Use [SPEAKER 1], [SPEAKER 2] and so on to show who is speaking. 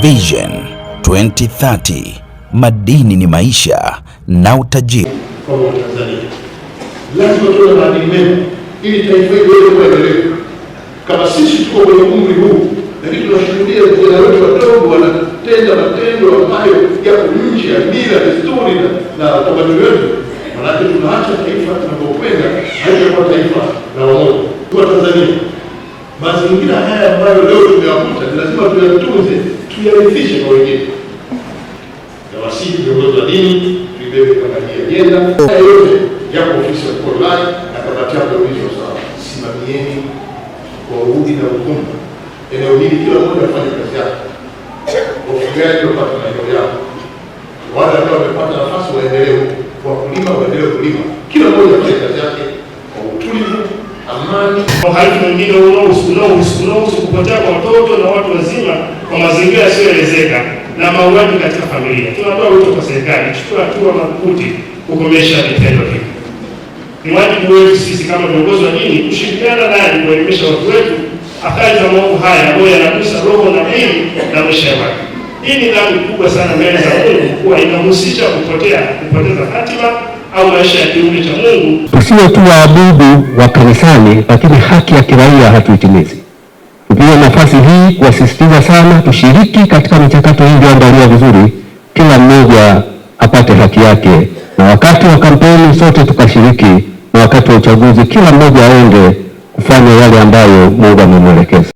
[SPEAKER 1] Vision 2030 madini ni maisha na utajiri. Kwa Watanzania
[SPEAKER 2] lazima tuwe na madini mema ili taifa hili liweze kuendelea. Kama sisi tuko kwenye umri huu, lakini tunashuhudia vijana wetu wadogo wanatenda matendo ambayo yako nje ya mila, desturi na utamaduni wetu, manake tunaacha taifa tunapokwenda haitakuwa taifa la wamoja. Tuwa Tanzania Mazingira haya ambayo leo tumeyakuta ni lazima tuyatunze, tuyarithishe kwa wengine, na wasiji viongozi wa dini tuibebe kama hii ajenda. Haya yote yako ofisi ya mkuu na kamati yako wa Simamieni kwa udi na ukumba eneo hili, kila mmoja afanye kazi yake, wafugaji wapate maeneo yao, wale ambao wamepata Uhalifu mwingine unaohusu kupotea kwa watoto na watu wazima kwa mazingira yasiyoelezeka na mauaji katika familia. Tunatoa wito kwa serikali ichukue hatua madhubuti kukomesha vitendo hivi. Ni wajibu wetu sisi kama viongozi wa dini kushirikiana naye kuelimisha watu wetu athari za maovu haya ambayo yanagusa roho na mwili na maisha ya watu. Hii ni dhambi kubwa sana mbele za Mungu kuwa inahusisha kupotea, kupoteza hatima au maisha ya kiumbe cha Mungu.
[SPEAKER 3] Tusiwe tu waabudu wa kanisani, lakini haki ya kiraia hatuitimizi. tupie nafasi hii kuwasisitiza sana, tushiriki katika michakato hii iliyoandaliwa vizuri, kila mmoja apate haki yake, na wakati wa kampeni sote tukashiriki, na wakati wa uchaguzi kila mmoja aende kufanya yale ambayo Mungu amemwelekeza.